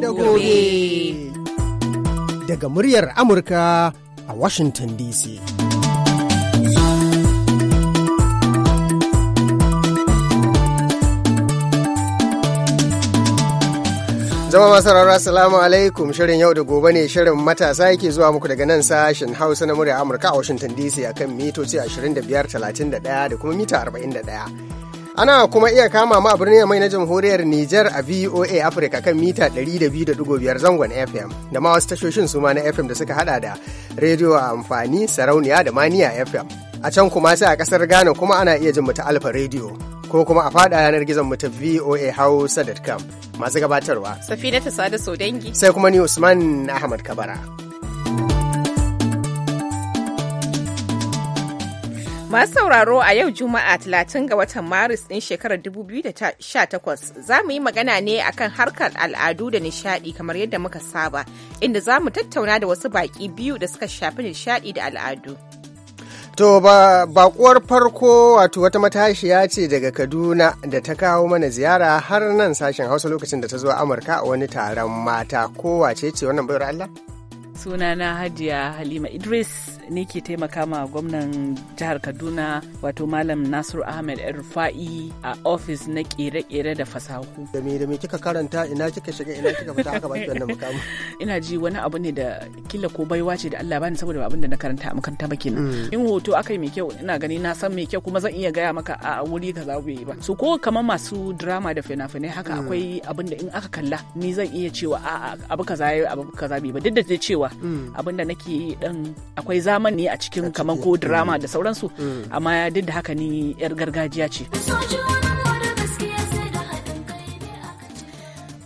da gobe. Daga muryar Amurka a Washington DC. Zama masu rarra salamu alaikum shirin yau da gobe ne shirin matasa yake zuwa muku daga nan sashen hausa na murya Amurka a Washington DC akan mitoci 25, 31 da kuma mita 41. Ana kuma iya kama ma birnin mai na jamhuriyar Nijar a VOA Africa kan mita 200.5 zangon FM da ma wasu tashoshin suma na FM da suka hada da rediyo a amfani sarauniya da maniya FM. A can kuma sai a kasar Ghana kuma ana iya jin mu Alfa rediyo ko kuma a fada yanar gizon mu ta voahausa.com masu gabatarwa. Safina ta sada dangi. Sai kuma ni Usman Ahmad Kabara. Masu sauraro a yau Juma'a 30 ga watan Maris ɗin shekarar 2018 za mu yi magana ne akan harkar al'adu da nishaɗi kamar yadda muka saba inda za mu tattauna da wasu baƙi biyu da suka shafi nishaɗi da al'adu. To ba bakuwar farko wato wata matashiya ce daga Kaduna da ta kawo mana ziyara har nan sashen Hausa lokacin da ta zo Amurka a wani taron mata kowace ce wannan bayar Allah? Suna na hajiya halima idris ne ke taimaka ma gwamnan jihar kaduna wato malam nasiru ahmed rufa'i a ofis na kere-kere da fasahu da me da me kika karanta ina kika shiga ina kika fita aka baki wannan mukamu ina ji wani abu ne da kila ko baiwa ce da Allah bani saboda abin da na karanta a makaranta ba kenan mm. in hoto akai mai kyau ina gani na san mai kyau kuma zan iya gaya maka a wuri ka za yi ba su ko kamar masu drama da fina-finai haka mm. akwai abin da in aka kalla ni zan iya cewa a'a abu kaza yayi abu kaza bai ba duk da cewa Mm. abin da nake yi dan akwai zamani a cikin kamar ko drama mm. da sauransu mm. amma duk da haka ni yar gargajiya ce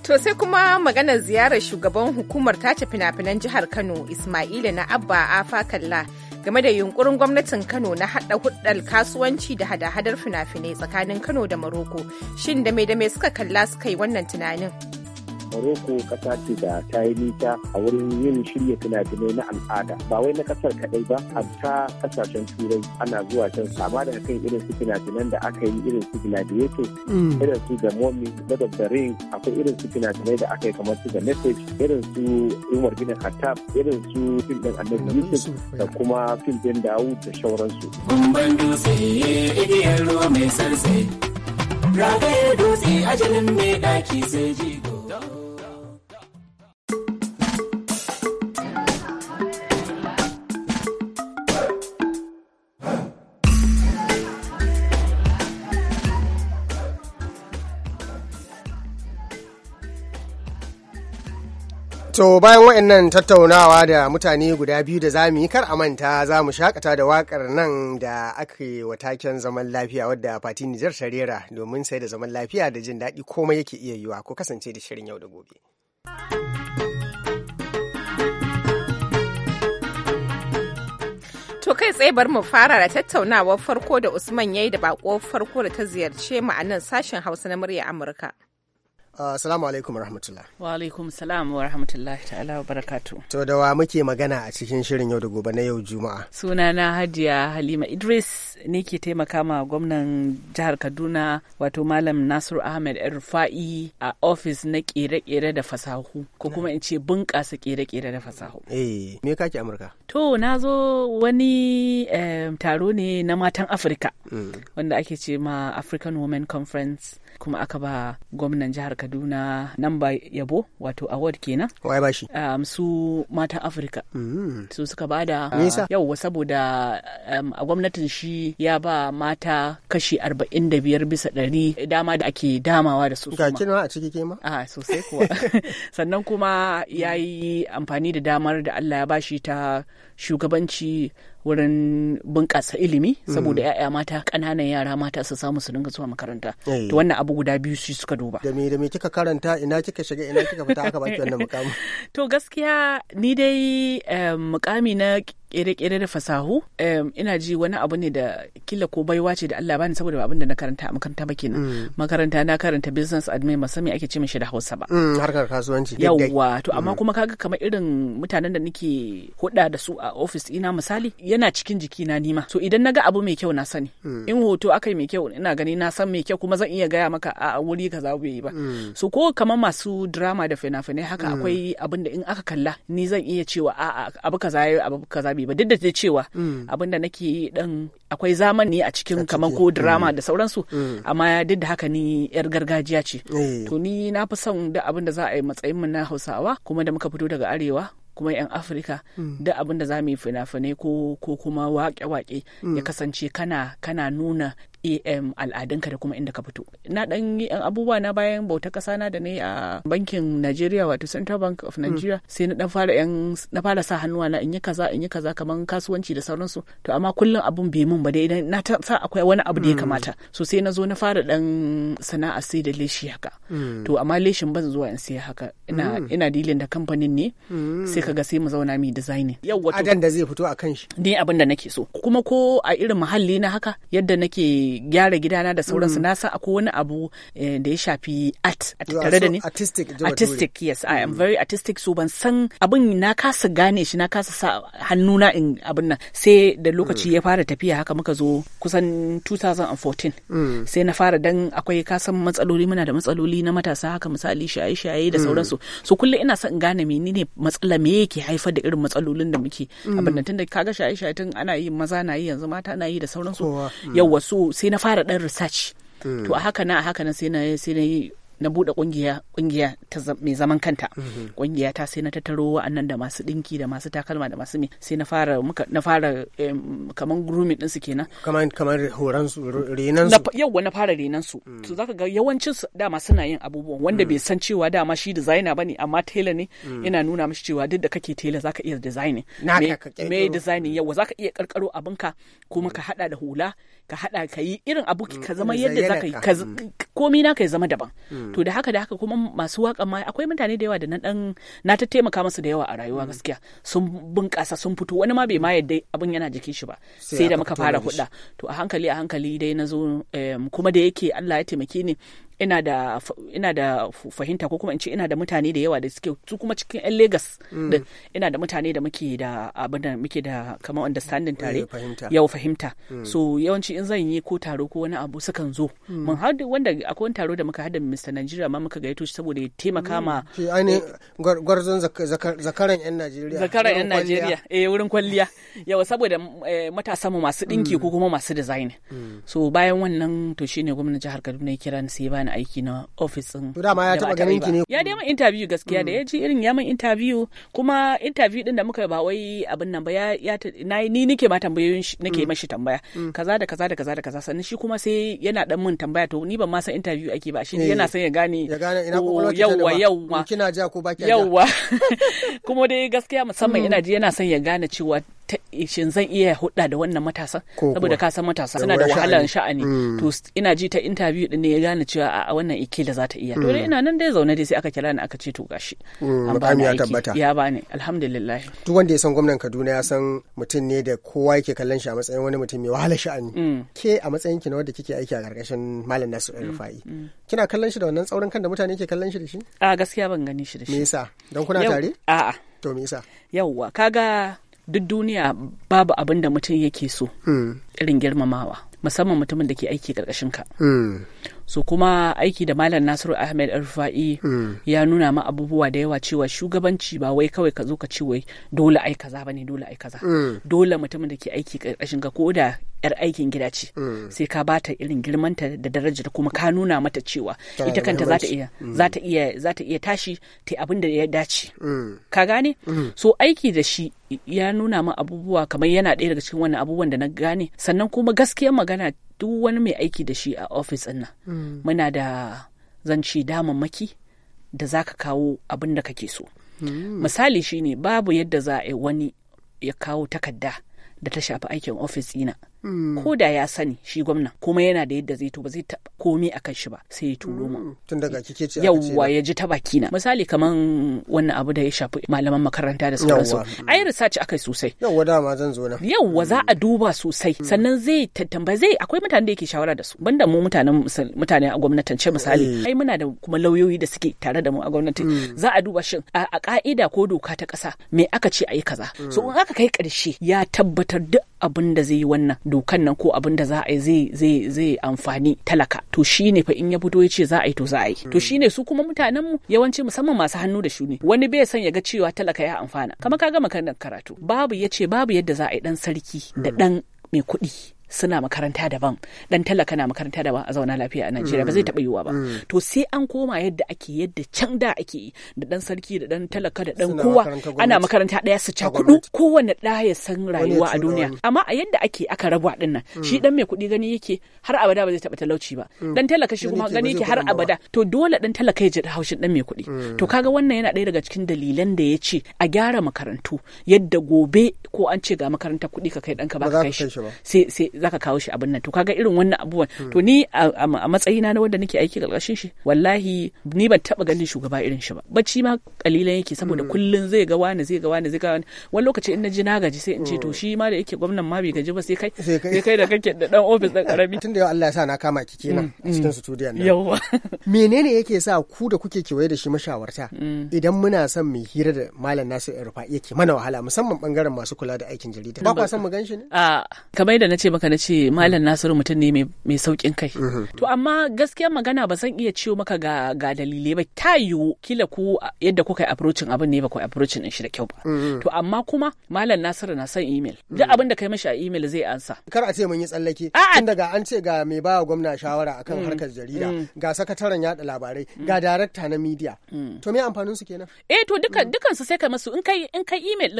To sai kuma maganar ziyarar shugaban hukumar tace fina-finan jihar Kano Ismaila na Abba Afa Kalla game da yunkurin gwamnatin Kano na hada hudar kasuwanci da hada-hadar fina-finai tsakanin Kano da Maroko. Shin da mai da mai suka kalla suka yi wannan tunanin? Morocco kasa ce da ta yi nita a wurin yin shirya fina-finai na al'ada ba wai na kasar kaɗai ba hatta kasashen turai ana zuwa can sama da kan irin su fina-finan da aka yi irin su gladiato mm. irin su da momi da ring akwai irin su fina-finai da aka yi kamar su da message irin su umar gina hatta irin su fim din annabi yusuf da kuma fim din dawud da shauransu. Kumban dutse ajalin mai daki sai jigo. To bayan wa'annan tattaunawa da mutane guda biyu da zamu yi kar a manta za mu shakata da wakar nan da ake taken zaman lafiya wadda Fati Nijar Sharera domin sai da zaman lafiya da jin daɗi komai yake iya yiwa ko kasance da shirin yau da gobe. To kai tsaye bar mu fara da tattaunawar farko da Usman yayi da bako farko da ta ziyarce mu a nan sashen Hausa na murya Amurka. Uh, assalamu alaikum rahmatullah. Wa alaikum salam wa rahmatullahi ta'ala wa barakatu. To da wa muke magana a cikin shirin yau da gobe na yau Juma'a. Sunana Hajiya Halima Idris ne ke taimaka ma gwamnan jihar Kaduna wato Malam Nasiru Ahmed Rufa'i a ofis na kere-kere da fasahu ko kuma in ce bunƙasa kere-kere da fasahu. Eh, me kake Amurka? To na zo wani eh, taro ne na matan Afirka mm. wanda ake ce ma African Women Conference. kuma aka ba gwamnan jihar kaduna nan ba yabo wato award kenan wai ba shi um, su matan afirka mm. su suka ba da uh, yauwa saboda um, a gwamnatin shi ya ba mata kashi arba'in da biyar bisa ɗari dama da ake damawa da su ga kina a ciki kema a ah, sosai kuwa sannan kuma ya yi amfani da damar da allah ya bashi ta shugabanci wurin bunƙasa ilimi mm. saboda ya'ya mata ƙananan yara mata su samu su dinga zuwa makaranta to wannan abu guda biyu su suka duba da me da me kika karanta ina kika shiga ina kika fita aka baki wannan mukami to gaskiya ni dai eh, mukami na kere-kere da fasahu ina ji wani abu ne da kila ko baiwa ce da Allah bani saboda abin da na karanta a makaranta ba kenan mm. makaranta na karanta business admin ba sami ake ce mishi da Hausa ba mm, harkar kasuwanci yawwa to amma mm. kuma kaga kamar irin mutanen da nake hudda da su a office ina misali yana cikin jiki na nima to idan naga abu mai kyau na sani in hoto akai mai kyau ina gani na san mai kyau kuma zan iya gaya maka a wuri kaza bai yi ba so ko kamar masu drama da fina-finai haka akwai abin da in aka kalla ni zan iya cewa a'a abu kaza abu kaza ba duk da ta cewa mm. abin da nake dan akwai zamani a cikin kamar ko drama mm. da sauransu mm. amma duk da haka ni yar gargajiya ce eh. to ni na fi son da abin da za a yi matsayin mu na Hausawa kuma da muka fito daga arewa kuma 'yan afirka da abin da za mu yi fina-finai ko kuma waƙe-waƙe ya kasance kana kana nuna A_M al'adunka da kuma inda ka fito na dan yi abubuwa na bayan bauta kasa na da ne a bankin Najeriya wato Central Bank of Nigeria mm. sai na dan fara yan na fara sa hannuwa na in yi kaza in yi kaza kaman kasuwanci da sauransu to amma kullum abun bai mun ba dai idan na sa akwai wani abu da ya mm. kamata so sai na zo na fara dan sana'a sai da leshi haka mm. to amma leshin ban zuwa in sai haka ina ina dealing da kamfanin ne sai kaga sai mu zauna mu designing yau wato adan da zai fito a kan shi ni abin da nake so kuma ko a irin muhalli na haka yadda nake gyara gidana da sauransu mm. na san akwai wani abu eh, da ya shafi art tare da ni artistic artistic yes i am mm. very artistic so ban san abin na kasa gane shi na kasa sa hannuna in abin nan sai da lokaci mm. ya fara tafiya haka muka zo kusan 2014 sai na fara dan akwai kasan matsaloli muna da matsaloli na matasa haka misali shaye-shaye da sauransu so kullum ina son in gane menene matsala me yake haifar da irin matsalolin da muke abin nan tunda kaga shaye-shaye tun ana yi maza na yi yanzu mata na yi da sauransu yawa so sai na fara dan research mm. to a haka na a haka na sai na sai na na bude kungiya kungiya ta mai zaman kanta kungiya mm-hmm. ta sai na tattaro wa'annan da masu dinki da masu takalma da masu me sai na fara muka na fara kaman grooming din su kenan kaman kaman horan su renan su yawa na fara renan su mm. to zaka ga yawancin su dama suna yin abubuwan wanda mm. bai san cewa dama shi designer bane amma tailor ne yana nuna mishi cewa duk da kake tailor zaka iya designing me designing yawa zaka iya karkaro abinka kuma ka hada da hula ka haɗa ka yi irin abu mm, ka zama yadda za ka yi mm. komi na ka zama daban mm. to da haka da haka kuma masu waka ma akwai mutane da yawa da na dan na ta taimaka masu da yawa a rayuwa gaskiya sun bunƙasa sun fito wani ma bai ma yadda abin yana jikin shi ba sai da muka fara hudda to a hankali a hankali dai na zo kuma da yake Allah ya taimake ni ina da ina da fahimta ko kuma in ce ina da mutane da yawa da suke su kuma cikin yan Legas mm. ina da mutane da muke da abin da muke da kamar understanding tare eh, yau fahimta mm. so yawanci in zan yi ko taro ko wani abu sukan zo mm. mun har wanda akwai wani taro da muka hada Mr. Nigeria ma muka gaito shi saboda ya taimaka ma eh, gwarzon zakaran yan Najeriya zakaran yan Najeriya eh wurin kwalliya yau saboda eh, matasa mu masu dinki ko kuma masu design so bayan wannan to shine gwamnatin jihar Kaduna ya kira ni sai bani aiki na ofisin. dama ya taba ganin ki ne. Ya dai man interview gaskiya da mm. ya ji irin ya man interview kuma interview din da muka ba wai abin nan ba ya ya ni nike ma tambayoyin nake mm. mashi tambaya mm. kaza da kaza da kaza da kaza sannan shi kuma sai yana dan mun tambaya to ni ban ma san interview ake ba shi yana eh. son ya gane ya gane ina oh, kokolwa yauwa yauwa kina ja ko ba ki yauwa kuma dai gaskiya musamman ina ji yana son ya gane cewa shin zan iya hudda da wannan matasan saboda ka san matasa suna da wahalar sha'ani mm. to ina ji ta interview din ne ya gane cewa a wannan ikila za ta iya dole mm. ina nan dai zaune dai sai aka kira ni aka ce to gashi mm, an ba ya tabbata ya bani alhamdulillah duk wanda ya san gwamnan Kaduna ya san mutum ne da kowa yake kallon shi a matsayin wani mutum mai wahalar sha'ani ke a matsayin ki na wanda kike aiki a karkashin malam Nasu Rufai kina kallon shi da wannan tsaurin kan da mutane ke kallon shi da shi a gaskiya ban gani shi da shi me yasa dan kuna tare a'a to me yasa yauwa kaga duk duniya babu abin da mutum yake so hmm. irin girmamawa musamman mutumin da ke aiki karkashin ka hmm. so kuma aiki da malam nasiru ahmed rufa'i hmm. ya nuna ma abubuwa da yawa cewa shugabanci ba wai kawai ka zo ka ce wai dole ai kaza bane dole ai kaza hmm. dole mutumin da ke aiki karkashin ka ko da yar aikin gida ce hmm. sai ka bata irin girmanta da darajar kuma ka nuna mata cewa ita kanta za ta iya za ta iya tashi ta abin da ya dace ka gane so aiki da shi ya nuna min abubuwa kamar yana ɗaya daga cikin wannan abubuwan da na gane sannan kuma gaskiyar magana duk wani mai aiki da shi a ofis din nan mm. muna da zanci damammaki da za ka kawo abin da kake so mm. misali shine babu yadda za a yi wani ya kawo takarda da ta shafi aikin ofis ɗina Mm. ko da ya sani shi gwamna kuma yana da yadda zai to ba zai taɓa komi a kan shi ba sai ya turo mu mm. tun daga kike ce yawwa ya ji ta baki na misali kaman wannan abu da ya shafi malaman makaranta da sauransu mm. ai research akai sosai yawwa dama zan zo na yawwa za a duba sosai sannan zai tantamba zai akwai mutanen da yake shawara da su banda mu mutanen mutane a gwamnatance misali eh. ai muna da kuma lauyoyi da suke tare da mu a gwamnati za a duba shin a ka'ida ko doka ta ƙasa me aka ce a yi kaza so in aka kai ƙarshe ya tabbatar duk abin da zai yi wannan dokan nan ko abin da za a yi zai amfani talaka to shine fa in ya fito ya ce za a yi to za a yi to shi ne su kuma mutanen mu yawanci musamman masu hannu da shuni wani bai san ya ga cewa talaka ya amfana Kama ka gama karatu babu ya ce babu yadda za a yi dan sarki da dan mm. mai kuɗi suna makaranta daban dan talaka na makaranta daban a zauna lafiya a Najeriya ba zai mm. taɓa yiwuwa ba mm. to sai an koma yadda ake yadda can da ake yi da dan sarki da dan talaka da dan kowa ana makaranta ɗaya su kudu kowanne ɗaya ya san rayuwa a duniya mm. amma a yadda ake aka rabu din nan shi dan mai kuɗi gani yake har abada ba zai taɓa talauci ba dan talaka shi kuma gani yake har abada to dole dan talaka ya ji haushin dan mai kuɗi to kaga wannan yana ɗaya daga cikin dalilan da ya ce a gyara makarantu yadda gobe ko an ce ga makaranta kuɗi ka kai danka ba ka kai shi sai Za ka kawo shi abin nan to kaga irin wannan abubuwan to ni a matsayina na wanda nake aiki karkashin shi wallahi ni ban taba ganin shugaba irin shi ba bacci ma kalilan yake saboda mm. kullun zai ga wani zai ga wani zai ga wani wani lokaci in na ji na gaji sai in ce to mm. shi ma da yake gwamnan ma bai gaji ba sai kai sai kai da kake da dan office da karami tunda yau Allah ya sa na kama ki kenan mm, a cikin studio nan yawa menene yake sa ku da kuke kewaye da shi mashawarta idan muna son mu hira da malam Nasir Irfa yake mana wahala musamman bangaren masu kula da aikin jarida ba kwa san mu ganshi ne a ah, kamar yadda nace maka maka na ce malam nasiru mutum ne mai saukin kai mm-hmm. to amma gaskiya magana ba zan iya ciwo maka ga ga dalilai ba ta yiwu kila ku yadda kuka yi approaching abin ne ba ku approaching din shi da kyau ba mm-hmm. to amma kuma malam nasiru na son email duk mm-hmm. abin da kai mashi a email zai ansa kar a ce mun yi tsallake tun daga an ce ga mai bawa gwamna shawara akan mm. harkar jarida mm. ga sakataren yada labarai mm. ga darakta na media to me amfanin su kenan eh to dukan dukan su sai ka masu in kai in kai email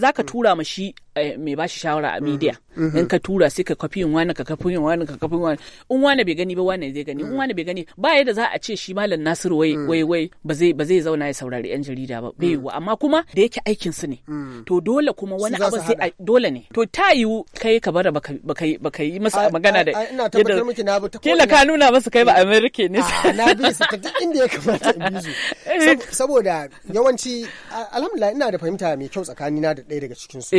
Za ka tura ma shi Eh, mai bashi shawara a media mm-hmm. Mm-hmm. in ka tura sai ka kwafiyin wani ka kwafiyin wani ka kwafiyin wani in wani bai gani ba wani zai gani in mm. wani bai gani ba yadda za a ce shi malam Nasiru wai mm. wai wai ba zai ba zai zauna ya saurari yan jarida ba bai mm. yiwu amma kuma da yake aikin su ne to dole kuma wani abu sai dole ne to ta yiwu kai ka bara baka baka yi masa magana da ina tabbatar miki na ta kila ka nuna masa kai ba eh. America ne na bi su ta duk inda ya kamata in bi su eh. saboda yawanci alhamdulillah ina da fahimta mai kyau tsakanina da ɗaya daga cikin su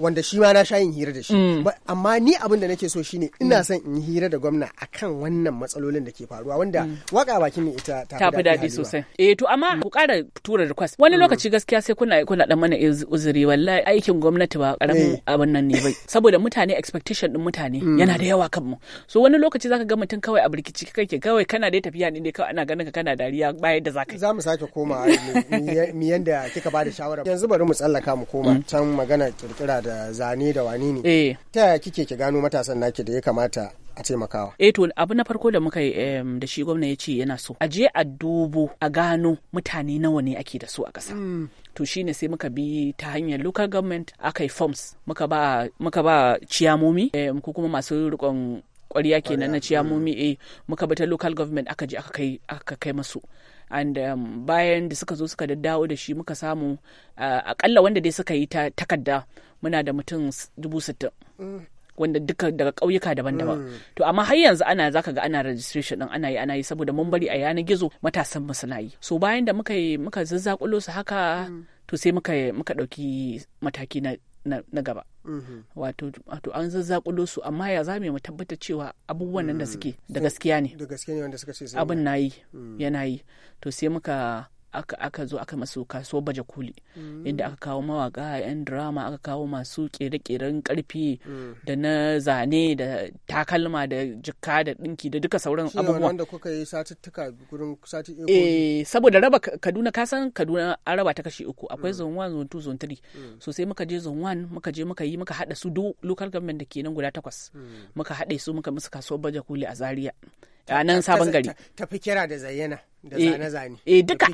wanda shi ma na sha yin hira da shi mm. amma ni abin da nake so shine ina mm. son in yi hira da gwamna akan wannan matsalolin da ke faruwa wanda mm. waka bakin ne ita ta fi daɗi sosai eh to amma ku ƙara tura request wani lokaci gaskiya sai kuna kuna dan mana uzuri wallahi aikin gwamnati ba karamin eh. abin nan ne bai saboda mutane expectation din mutane yana da yawa kan so wani lokaci zaka ga mutum kawai a birkici kake kawai kana dai tafiya ne ne kawai ana ganin ka kana dariya bayan da zaka za mu sake koma mi yanda kika bada shawara yanzu bari mu tsallaka mu koma can magana kirkira da da zane da wani ne eh ta yaya kike ki gano matasan naki da ya kamata a taimakawa. Eh to abu na farko da muka da shi gwamna ya ce yana so. A je a dubo a gano mutane nawa ne ake da su a ƙasa. Hmm. to shine sai muka bi ta hanyar local government aka yi forms muka ba muka ba ciyamomi ko kuma masu rikon kwariya kenan na hmm. ciyamomi eh muka bi ta local government aka je aka kai aka kai masu and um, bayan da suka zo suka daddawo da shi muka samu uh, akalla wanda dai suka yi ta takarda muna da mutum dubu sittin wanda duka daga ƙauyuka daban-daban mm. to amma har yanzu ana zaka ga ana registration din ana yi ana yi saboda mun bari a yanar gizo matasan mu suna yi so bayan da muka yi muka zazzakulo su haka mm. to sai muka muka ɗauki mataki na na gaba mm-hmm. wato an zazzakulo su amma ya za mu tabbata cewa abubuwan nan da mm. suke da gaskiya ne da gaskiya ne wanda suka ce abin yi mm. yana yi to sai muka aka, aka zo aka masu kasuwar baje koli mm. inda aka kawo mawaka yan drama aka kawo masu kere-keren karfi mm. da na zane da takalma da jikka da dinki da duka sauran abubuwa da kuka yi satuttuka gurin sati eh saboda raba kaduna kasan kaduna an raba ta kashi uku akwai mm. zone 1 zone 2 zone 3 so sai muka je zone 1 muka je muka yi muka hada su duk local government da kenan guda takwas muka hade su muka musu kasuwar baje koli a zaria a nan sabon gari tafi kira da zayyana da eh, zane-zane e duka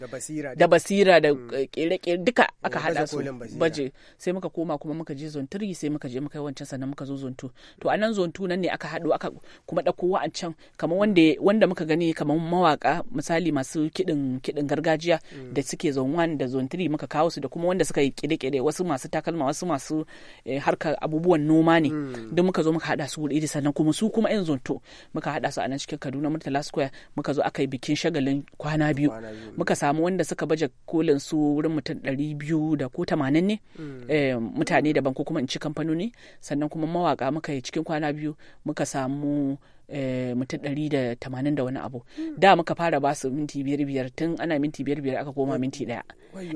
da basira da basira da mm. kere-kere duka aka hada su baje sai muka koma kuma muka je zonturi sai muka je muka yi wancan sannan muka zo zontu to a nan zontu nan ne aka hadu aka kuma dauko wa'ancan kamar mm. wanda wanda muka gani kamar mawaka misali masu kidin kidin gargajiya mm. da suke zone 1 da zone muka kawo su da kuma wanda suka yi kere-kere wasu masu takalma wasu masu eh, harkar abubuwan noma ne duk muka zo muka hada su wuri sannan kuma su kuma yan zonto muka hada su a nan cikin Kaduna Murtala Square muka zo aka yi bikin shagalin kwana biyu muka samu wanda suka baje kolin su wurin mutum ɗari biyu da ko tamanin ne mm. eh, mutane daban ko kuma in ci kamfanoni sannan kuma mawaka muka yi cikin kwana biyu muka samu eh, mutum ɗari da tamanin da wani abu mm. da muka fara ba su minti biyar biyar tun ana minti biyar biyar aka koma minti ɗaya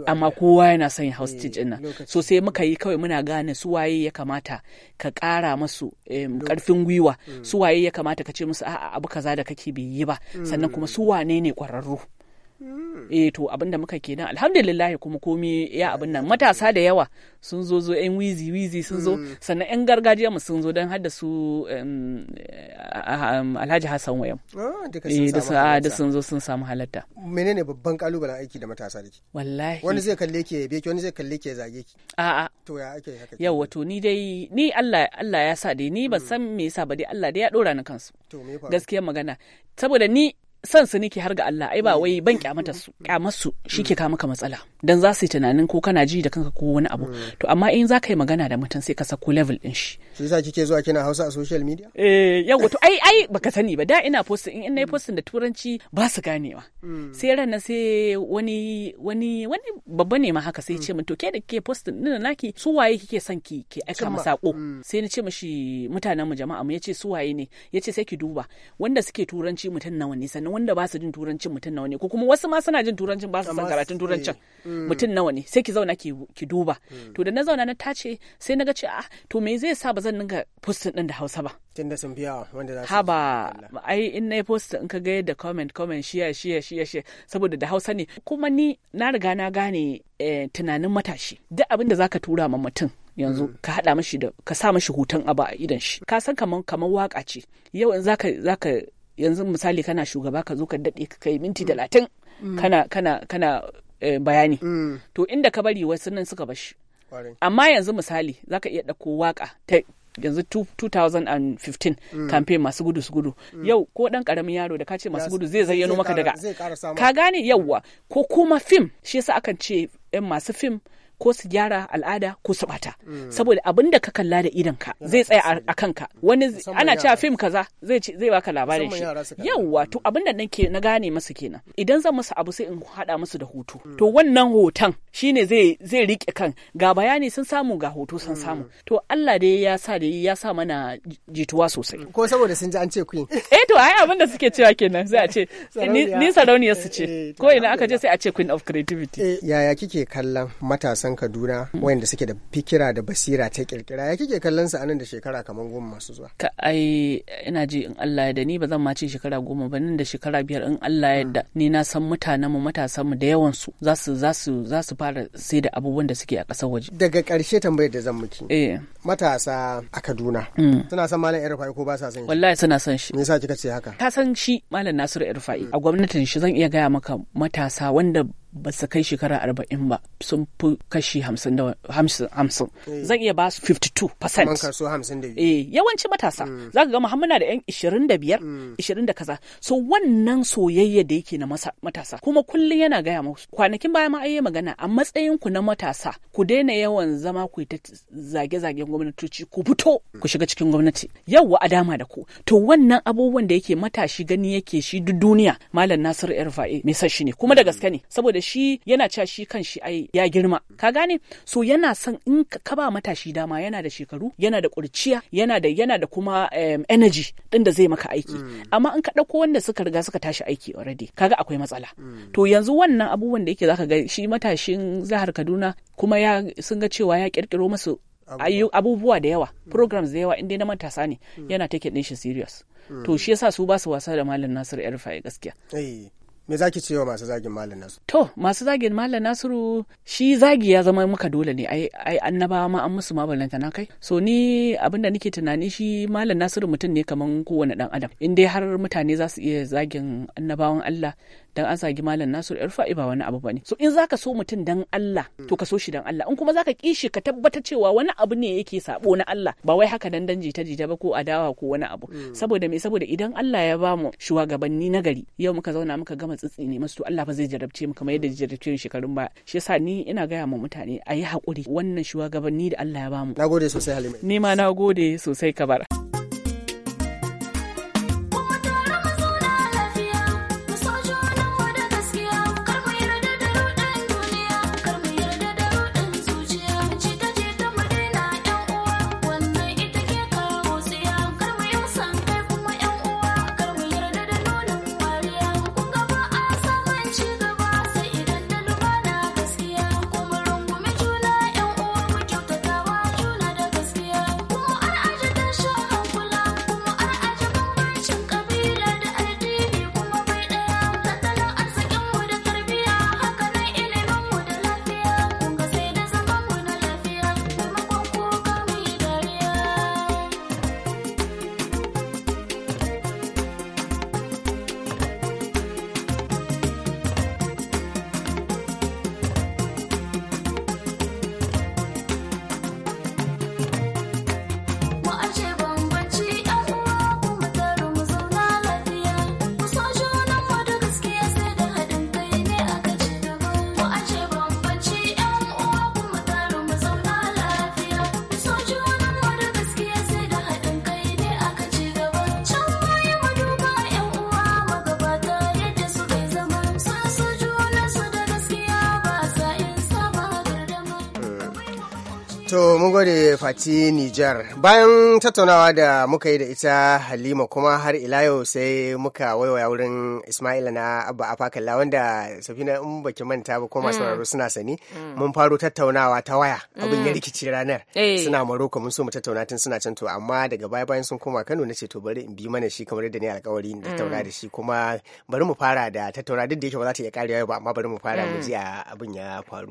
amma kowa yana son yin house teach nan so sai muka yi kawai muna gane su waye ya kamata ka kara masu eh, ƙarfin gwiwa mm. su waye ya kamata ka ce musu a'a abu kaza da kake bai yi ba sannan kuma su wane ne kwararru. eh to abin da muka kenan alhamdulillah kuma komi ya abin nan matasa da yawa sun zo zo yan wizi wizi sun zo mm. sannan yan gargajiya mu sun zo don hada su Alhaji Hassan Wayam ah, eh, da ah, sun zo sun samu halatta menene babban kalubalen aiki da matasa da ke wallahi wani zai kalle ke yabe ki wani zai kalle ke zage ki a'a to ya ake haka yawa to ni dai ni Allah Allah ya sa dai ni ban mm. san me yasa ba dai Allah dai ya dora ni kansu gaskiya magana saboda ni san su nake har ga Allah ai ba mm. wai ban kyamata su mm. kyamar su shike mm. ka maka matsala dan za su yi tunanin ko kana ji da kanka ko wani abu to amma in za ka yi magana da mutum sai ka sako level din shi shi yasa kike zuwa kina Hausa a social media eh yawa to ai ai baka sani ba da ina post in ina post da turanci ba su ganewa sai ran na sai wani wani wani babba ne ma haka sai ce min to ke da kike post din naki su waye kike son ki ke aika ma sako sai na ce mishi mutanen mu jama'a mu yace su waye ne yace sai ki duba wanda suke turanci mutum nawa ne sannan wanda ba su jin turancin mutum nawa ne ko kuma wasu ma suna jin turancin ba su san karatun turancin eh. mm. mutum nawa ne sai ki zauna ki duba mm. to da na zauna na tace sai na ga ce ah to me zai sa ba zan dinga postin din da Hausa ba da sun biya wanda za su haba ai in na post in ka ga yadda comment comment shiya shiya shiya shiya saboda da Hausa ne kuma ni na riga na gane eh, tunanin matashi duk abin da zaka tura ma mutum yanzu mm. ka haɗa mashi da ka sa mashi hutun abu a idan shi ka san kaman kaman waka ce yau in zaka zaka yanzu misali kana shugaba ka zo ka daɗe ka kai minti talatin kana eh, bayani to inda ka bari wasu nan suka bashi amma yanzu misali zaka iya ɗauko waka ta yanzu 2015 mm. campaign masu gudu su gudu mm. yau ko dan karamin yaro da ka ce masu gudu zai zayyano maka daga ka gane yauwa ko kuma fim shi yasa akan ce yan masu fim ko su gyara al'ada ko su bata saboda abin da ka kalla da idan ka zai tsaya a kanka wani ana cewa fim kaza zai zai baka labarin shi yawa to abin da nake na gane masa kenan idan zan musu abu sai in hada musu da hoto mm. to wannan hoton shine zai zai rike kan ga bayani sun samu ga hoto sun mm. samu to Allah dai ya sa dai ya sa mana jituwa sosai ko saboda sun ji an ce queen eh to ai abin da suke cewa kenan zai a ce ni sarauniyar su ce eh, eh, ko ina aka je sai a ce queen of creativity eh, yaya kike kallon matasan matasan Kaduna wayanda suke da fikira da basira ta kirkira ya kike kallon su anan da shekara kamar goma masu zuwa ka ai ina ji in Allah ya da ni ba zan ma ce shekara goma ba nan da shekara biyar in Allah ya da ni na san mutanen mu matasan mu da yawan su za su za su za su fara sai da abubuwan da suke a ƙasar waje daga ƙarshe tambayar da zan miki eh matasa a Kaduna mm. suna san malam Erfai ko ba sa san shi wallahi suna san shi me yasa kika ce haka ka san shi malam Nasiru Erfai a gwamnatin shi zan iya gaya maka matasa wanda ba su kai shekara arba'in ba sun fi kashi hamsin da hamsin eh. zan iya ba su 52 percent eh yawanci matasa mm. za ka ga muhammad da yan ishirin da biyar mm. ishirin da kaza so wannan soyayya da yake na matasa kuma kullum yana gaya musu kwanakin baya ma ayi magana a matsayin ku na matasa ku daina yawan zama ku ta zage-zagen gwamnatoci ku fito ku shiga cikin gwamnati yawa a dama da ku to wannan abubuwan da yake matashi gani yake shi duk duniya malam nasir irfa'i mai shi ne kuma da gaske ne saboda shi yana cewa shi kan shi ai ya girma ka gane so yana son in ka ba matashi dama yana da shekaru yana da kurciya yana da yana da kuma um, energy din da zai maka aiki mm. amma in ka dauko wanda suka riga suka tashi aiki already kaga akwai matsala mm. to yanzu wannan abubuwan da yake zaka ga shi matashin zahar Kaduna kuma ya sun ga cewa ya kirkiro masu abubuwa da yawa mm. programs da yawa inda na matasa ne yana take ɗin shi serious to shi yasa su ba su wasa da malam Nasir Erfa'i gaskiya eh. me zaki ce wa masu zagin malam nasu to masu zagin malam nasiru shi zagi ya zama muka dole ne ai ai annabawa ma an musu ma mabalanta na kai so ni abinda nake tunani shi malam nasiru mutum ne kaman kowane dan adam in dai har mutane za su iya zagin annabawan Allah dan an zagi malam Nasiru Irfa'i ba wani abu bane so in zaka so mutum dan Allah mm. to ka so shi dan Allah in kuma zaka ki shi ka tabbata cewa wani abu ne yake sabo na Allah ba wai haka dan danji ta jita ba ko adawa ko wani abu mm. saboda me saboda idan Allah ya bamu shugabanni na gari yau muka zauna muka gama tsitsi ne masu to Allah fa zai jarabce mu kamar yadda jarabce shekarun ba shi yasa ni ina gaya ma mutane ayi hakuri wannan shugabanni da Allah ya bamu nagode sosai halima ni ma nagode sosai kabara mun gode Fati Nijar. Bayan tattaunawa da muka yi da ita Halima kuma har ila yau sai muka waiwaya wurin Ismaila na Abba Afakalla wanda Safina in baki manta ba ko masu mm. sauraro suna sani mm. mun faro tattaunawa ta waya abin ya mm. rikici ranar eh. suna Maroko mun so mu tattauna tun suna can to amma daga baya bayan sun koma Kano na ce to bari in bi mana shi kamar yadda ni alkawari na tattauna da shi kuma bari mu fara da tattauna duk da yake ba za ta iya karewa ba amma bari mu fara mu ji abin ya faru.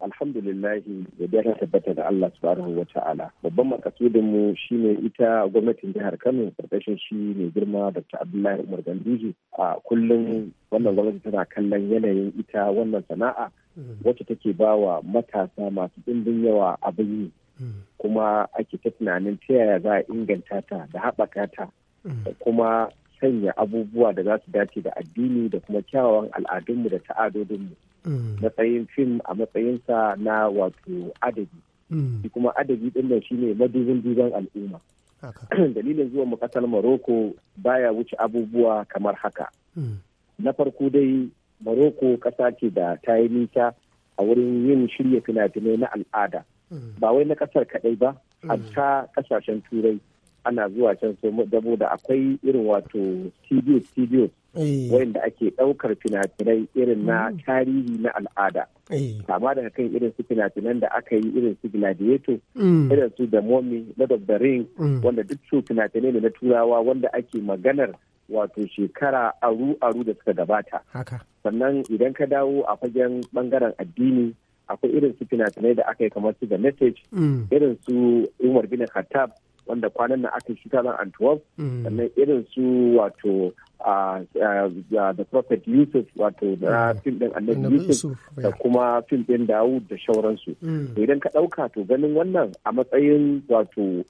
alhamdulillahi da dai tabbata da Allah subhanahu wa ta'ala babban makasudin mu shine ita gwamnatin jihar Kano karkashin shi ne girma Dr. Abdullahi Umar Ganduje a kullum wannan gwamnati tana kallon yanayin ita wannan sana'a wacce take bawa matasa masu dimbin yawa abin yi kuma ake ta tunanin ta yaya za a inganta ta da haɓaka ta da kuma sanya abubuwa da za su dace da addini da kuma kyawawan al'adunmu da ta'adodinmu Mm. matsayin fim a matsayinsa na wato adabi mm. shi kuma adabi din nan shine madubin duban al'umma dalilin zuwa mu kasar maroko baya wuce abubuwa kamar haka mm. na farko dai maroko kasa ce da ta yi nisa a wurin yin shirya fina-finai na al'ada ba wai na kasar kadai ba a ta kasashen turai ana zuwa can dabo da akwai irin wato studio studio eh. da ake daukar fina-finai irin na mm. tarihi na al'ada eh. kama daga kan irin su fina da aka yi irin su gladiator mm. irin su da mommy lord of the ring mm. wanda duk su fina ne na turawa wanda ake maganar wato shekara aru-aru da suka gabata sannan idan ka dawo a fagen bangaren addini akwai irin su fina da aka yi kamar su da message irin su umar bin khattab wanda kwanan na aka shi taron antwerp mm. sannan irin su wato da prophet yusuf wato da ah, fim din annabi yusuf da kuma fim din dawud da shauransu mm. idan ka ɗauka to ganin wannan a matsayin wato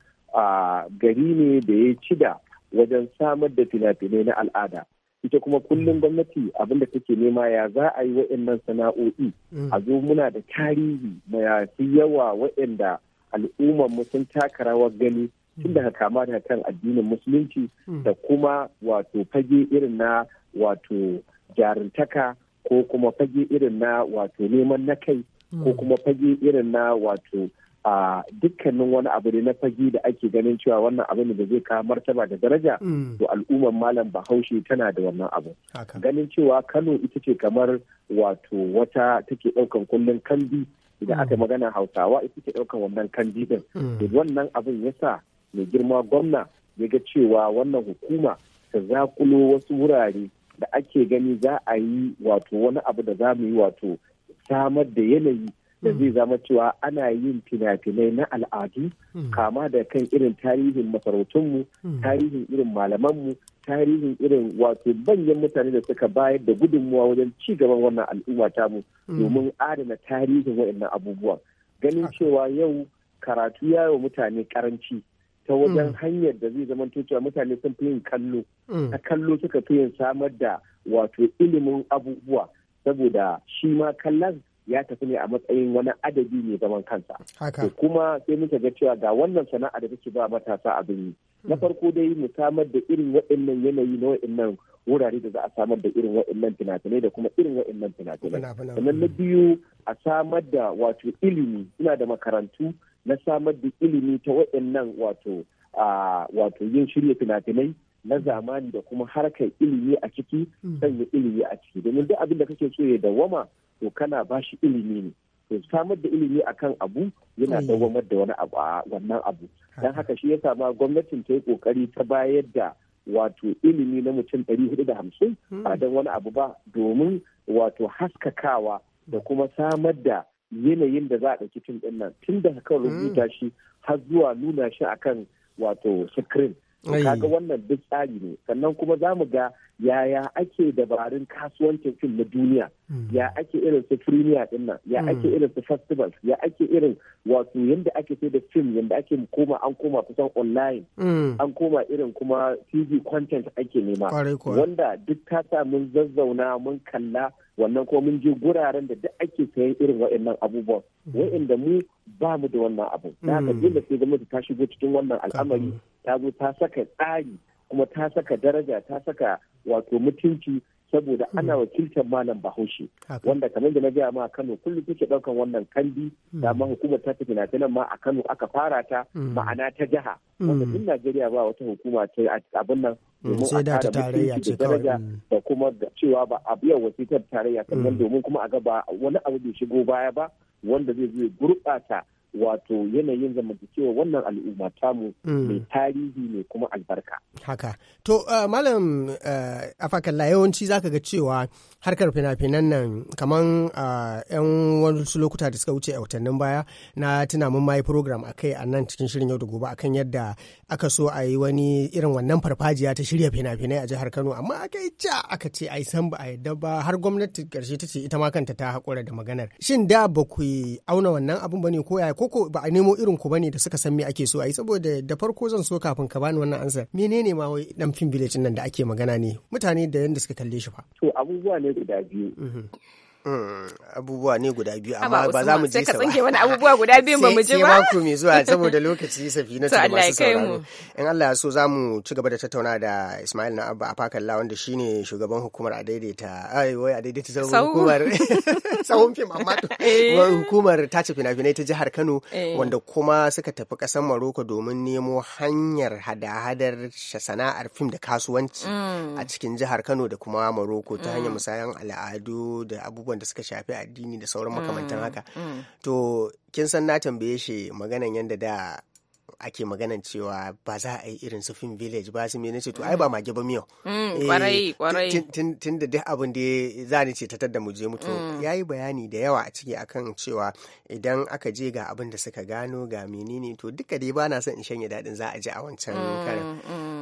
gari ne da ya ci da wajen samar da fina-finai na al'ada ita kuma kullum mm. gwamnati abin da take nema ya za a yi wa'annan sana'o'i a zo muna da tarihi masu yawa wa'anda al'ummar mu sun taka rawar gani tun daga kama da kan addinin musulunci hmm. da kuma wato fage irin na wato jarintaka ko kuma fage irin na wato neman na kai ko hmm. kuma fage irin na wato a dukkanin wani abu ne na fage da ake ganin cewa wannan ne da zai kawo martaba da daraja hmm. to al'ummar malam bahaushe tana da wannan abu ganin cewa kano ita ce kamar wato wata take ɗaukan kullum Kandi. idan aka magana hausawa ita ce ɗaukan wannan kandi din wannan abin yasa mai girma gwamna ya ga cewa wannan hukuma ta zakulo wasu wurare da ake gani za a yi wato wani abu da za mu yi wato samar da yanayi da zai mm. zama cewa ana yin fina-finai na al'adu mm. kama da kan irin tarihin masarautunmu mm. tarihin irin malamanmu tarihin irin wato banyan mutane da suka bayar da gudunmuwa wajen ci gaban wannan al'umma mu domin adana tarihin waɗannan abubuwan ganin cewa yau karatu ya yi wa mutane karanci ta wajen mm. hanyar da zai zama cewa mutane sun fi yin kallo mm. a kallo suka fi yin samar da wato ilimin abubuwa saboda shi ma kallon ya tafi ne a matsayin wani adadi mai zaman kansa to kuma sai muka ga cewa ga wannan sana'a da take ba matasa abin yi na mm. farko dai mu samar da irin waɗannan yanayi na waɗannan wurare da za a samar da irin waɗannan fina-finai da kuma irin waɗannan fina-finai sannan na biyu a samar da wato ilimi suna da makarantu na samar da ilimi ta waɗannan wato wato yin shirya fina-finai na zamani da kuma harkar ilimi a ciki hmm. sanya ilimi a ciki domin duk abin da kake so ya dawama to kana ba shi ilimi ne to samar da ilimi akan abu yana hmm. dawamar da wani abu a wannan abu dan haka shi ya sama gwamnatin ta yi kokari ta bayar da wato ilimi na mutum ɗari hudu da hamsin hmm. ba don wani abu ba domin wato haskakawa da kuma samar da yanayin da za a ɗauki fim ɗin nan tun daga kan hmm. rubuta shi har zuwa nuna shi akan wato screen kaga wannan duk tsari ne sannan kuma za mu ga yaya ake dabarun kasuwancin fim na duniya hmm. ya ake irin su premier ɗin nan ya hmm. ake irin su festivals ya ake irin wato yadda ake sai da fim yadda ake koma an koma kusan online an koma irin kuma tv content ake nema wanda duk ta mun zazzauna mun kalla wannan kuma mun je guraren da duk ake sayan irin waɗannan abubuwan mm. waɗanda mu ba mu da wannan abu mm. da haka dole sai gwamnati ta shigo cikin wannan al'amari ta zo ta saka tsari kuma ta saka daraja ta saka wato mutunci saboda hmm. ana wakiltar malam bahaushe wanda kamar da na gaya ma kano kullum kuke daukan wannan kandi hmm. ma hukumar ta tafi nan ma a kano aka fara ta hmm. ma'ana ta jiha wanda duk najeriya ba wata hukuma ta abin nan sai da ta tarayya ce kawai da kuma cewa ba a biya wasitar tarayya sannan domin kuma a ga ba wani abu bai shigo baya ba wanda zai zo gurɓata wato yanayin zamantakewa wannan al'umma tamu mm. mai tarihi ne kuma albarka. Haka. To, uh, Malam uh, Afakalla yawanci zaka ga cewa harkar fina-finan nan kaman uh, 'yan wasu lokuta da suka wuce a watannin baya na tuna mun mai program a kai a nan cikin shirin yau da gobe akan yadda aka so a yi wani irin wannan farfajiya ta shirya fina-finai a jihar Kano amma aka yi ca aka ce ai san ba a yadda ba har gwamnati karshe ta ce ita ma kanta ta haƙura da maganar. Shin da ba ku auna wannan abun ba ne ko ya ko koko ba a nemo irin ku bane da suka san me ake so a yi saboda da farko zan so kafin ka bani wannan ansa menene ma wai dan fim village nan da ake magana ne mutane da yanda suka kalle shi fa to abubuwa ne guda biyu mhm. abubuwa ne guda biyu amma ba za mu je sa ba sai wani abubuwa guda biyu ba mu je ba sai mako mai zuwa saboda lokaci safi na da masu sauraro in Allah ya so za mu ci gaba da tattauna da Ismail na Abba la wanda shine shugaban hukumar a daidaita ai wai a daidaita sauran hukumar sahun fim amma eh. hukumar tace fina-finai ta jihar Kano eh. wanda kuma suka tafi kasar Maroko domin nemo hanyar hada-hadar sana'ar fim da kasuwanci mm. a cikin jihar Kano da kuma Maroko ta hanyar mm. musayan al'adu da abubuwa. abubuwan da suka shafi addini da sauran makamantan mm, haka mm. to kin san na tambaye shi maganan yadda da ake maganan cewa ba za a yi irin su film village ba su mene ce to ai ba mage ba miyau mm, eh, kwarai kwarai tun da duk abin da za ni ce tattar da mu je mutu mm. ya yi bayani da yawa a ciki akan cewa idan aka je ga abin da suka gano ga menene to duka dai ba na son in shanye daɗin za a je a wancan mm, karin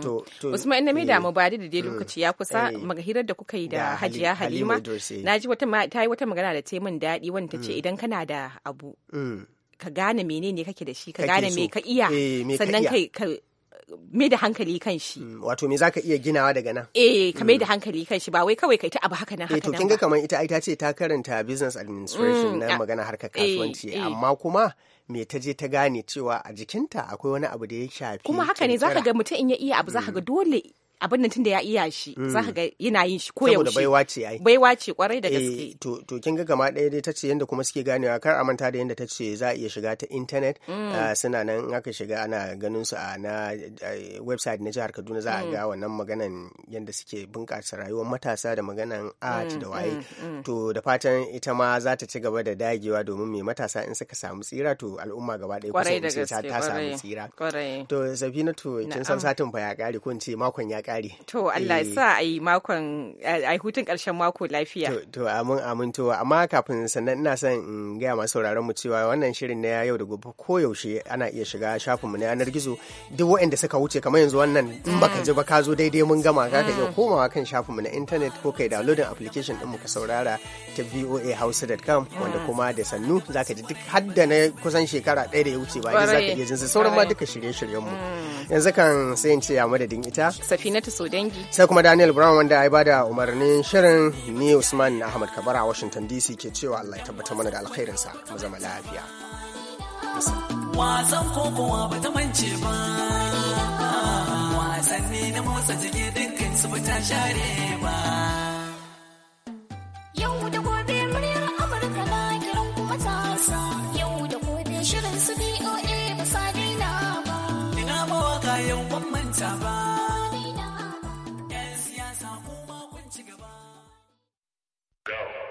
to usman ina mai damu eh, ba da dai lokaci ya kusa eh. magahirar da kuka yi da hajiya halima na ji wata ta yi wata magana da ta yi min daɗi wanda ta ce idan kana da abu ka gane menene kake da shi ka gane me ka iya eh, sannan kai ka mai da hankali kan shi mm, wato me zaka iya ginawa daga nan eh ka mai da mm. hankali kan shi ba wai kawai kai ta abu haka nan eh, haka to kin ga kamar ita ai ta ce ta karanta business administration mm, na magana harkar eh, kasuwanci amma kuma me ta je ta gane cewa a jikinta akwai wani abu da ya shafi kuma haka ne zaka ga mutum in ya iya abu zaka ga dole abin da tunda ya iya shi za ka hmm. ga yana yin shi ko yaushe baiwa ce ai baiwa ce kwarai da eh, gaske to to kin ga gama ɗaya dai tace yanda kuma suke ganewa kar a manta da yanda tace za a iya shiga ta internet hmm. ah, suna nan in aka shiga ana ganin su a na website na jihar Kaduna za a hmm. ga wannan maganan yanda suke bunƙasa rayuwar matasa da maganan art da waye to da fatan ita ma za ta ci gaba da dagewa domin me matasa in suka samu tsira to al'umma gaba ɗaya kusan ta samu tsira to to kin san satin fa ya kare ko in ce makon ya kare to Allah ya eh. sa a yi makon a hutun ƙarshen mako lafiya to amin amin to amma kafin sannan ina son in gaya masu sauraron mu cewa wannan shirin na yau da gobe ko yaushe ana iya shiga shafin mu na yanar gizo duk waɗanda suka wuce kamar yanzu wannan in baka mm. je ba ka zo daidai mun gama ka ka iya mm. komawa kan shafin mu na internet ko kai downloading application din mu ka saurara ta voahouse.com mm. wanda kuma da sannu zaka ji duk hadda na kusan shekara ɗaya da ya wuce ba zaka iya jin sauran ma duka shirye-shiryen mu yanzu kan sai in ce ya madadin ita safina Safinatu Sai kuma Daniel Brown wanda ya bada umarnin shirin ni Usman Ahmad Kabara a Washington DC ke cewa Allah ya tabbatar mana da alkhairinsa mu zama lafiya. Wasan kokowa ba ta mance ba, wasanni na motsa jiki dinkin su ba share ba. Yau da